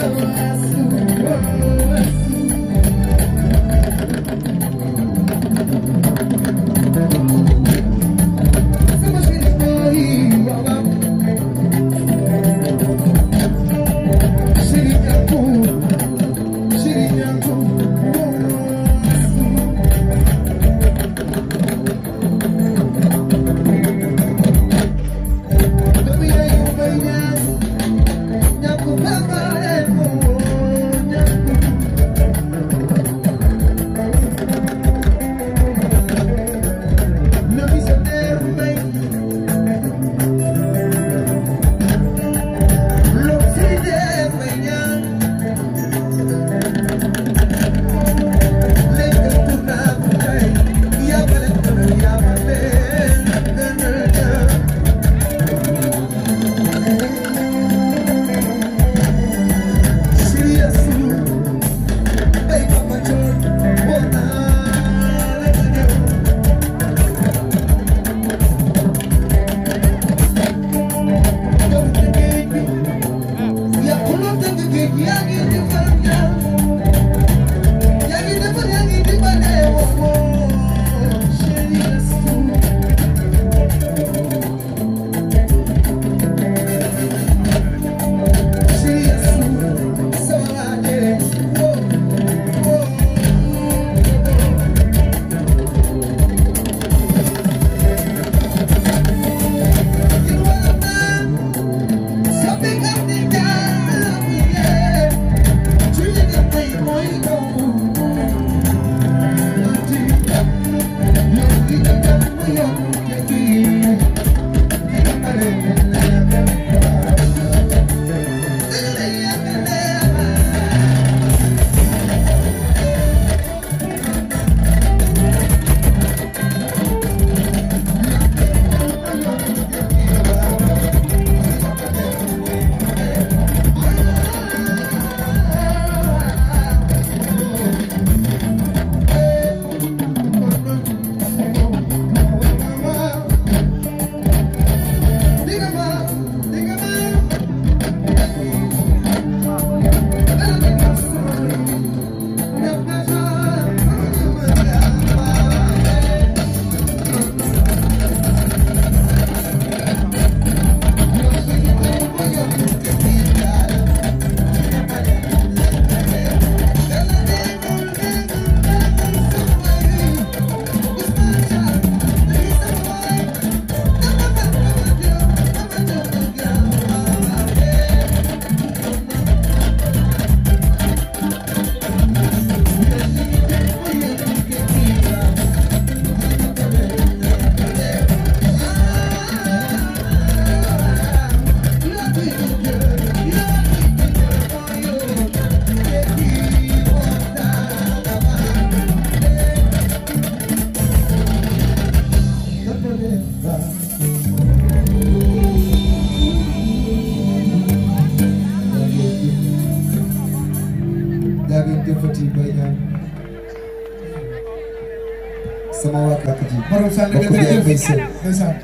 Thank you.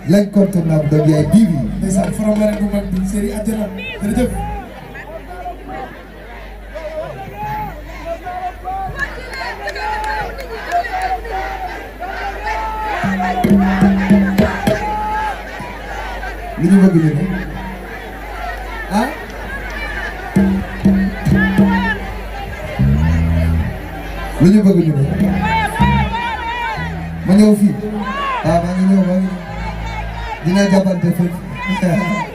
l'incontournable de Ndiaye TV. ndeysaan faram la bu mag bi série Àjjana jërëjëf. li ñu bëgg ñu ah. li ñu bëgg ñu ma ñëw fii. dina jàppante fépp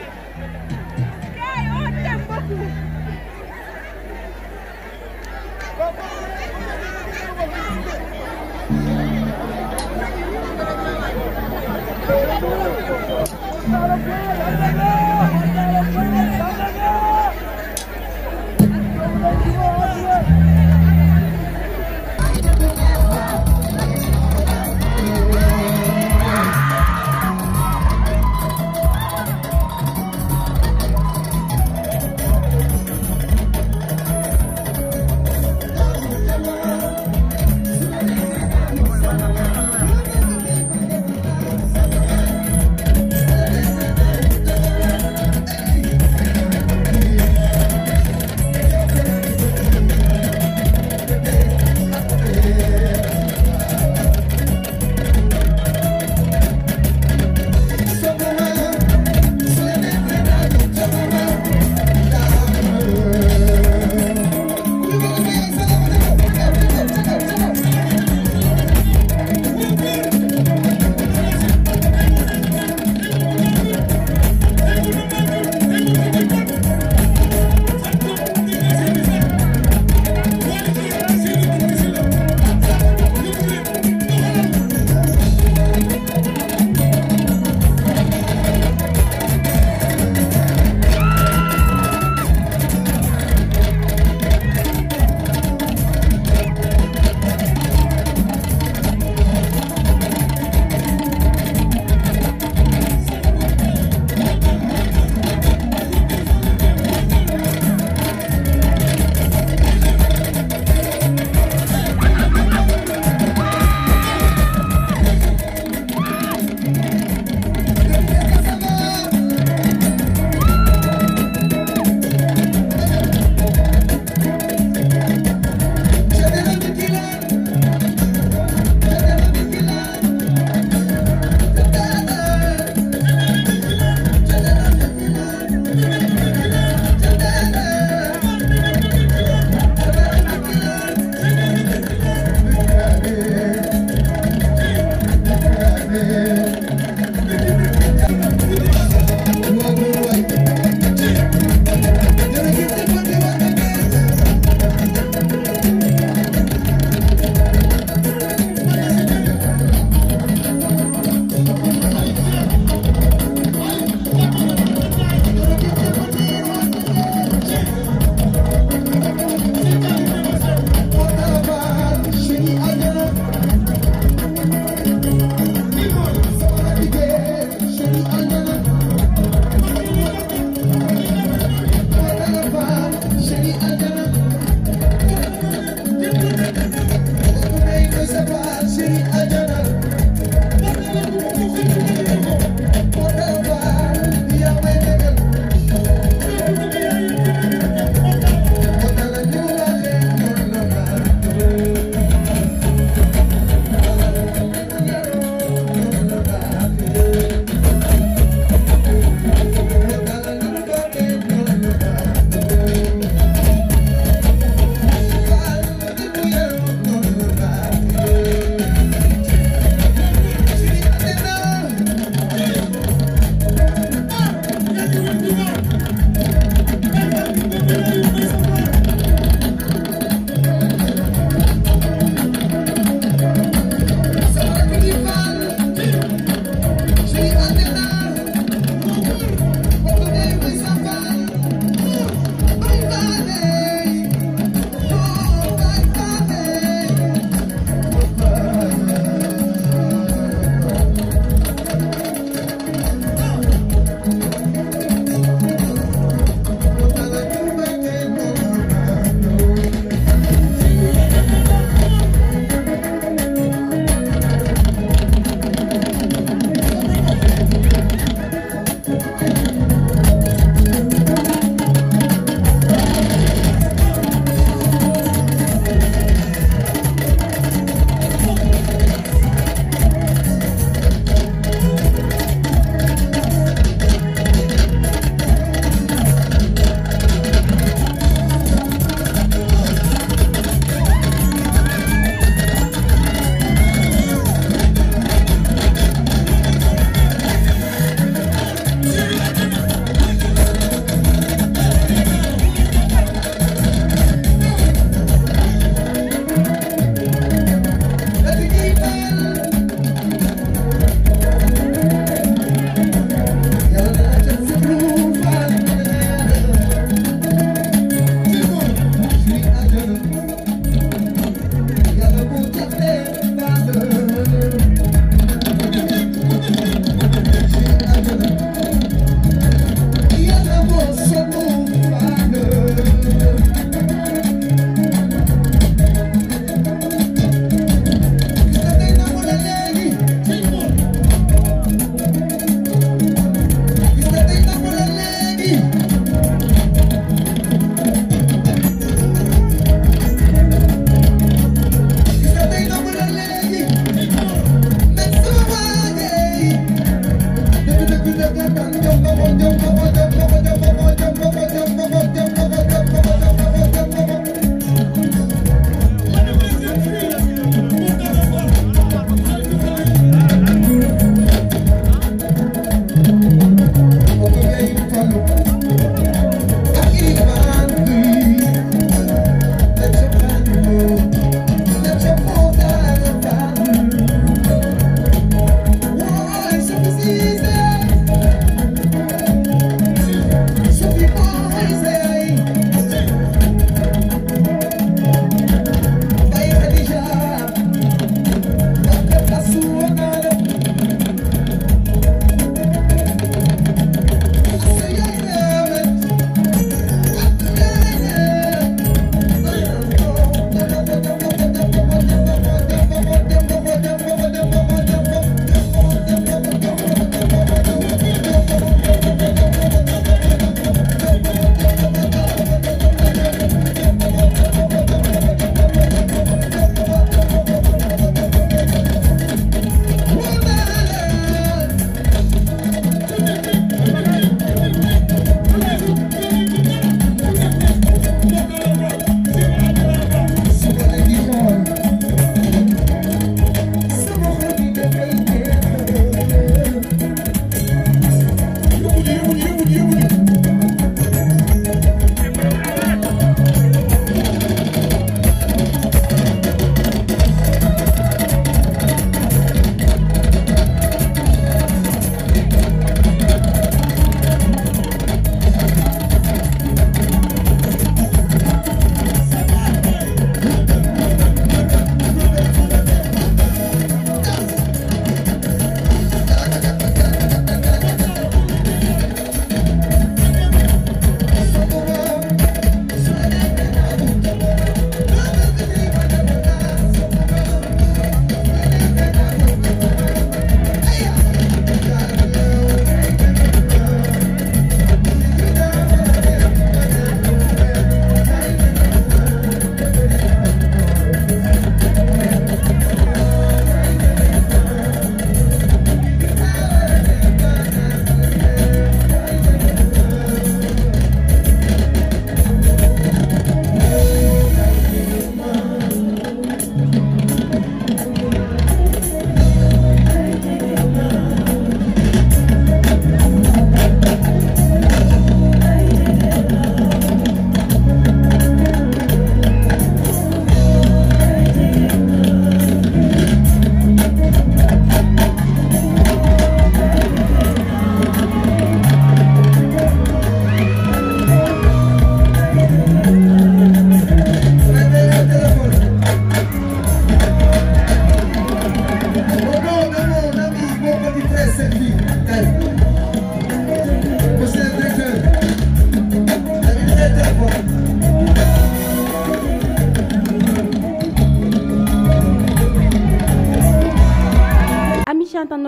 Thank you.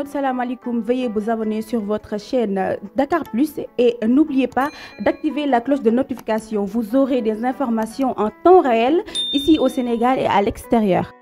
salaamaaleykum veuillez vous abonner sur votre chaîne Dakar Plus et la cloche de notification vous aurez des en temps réel au Sénégal et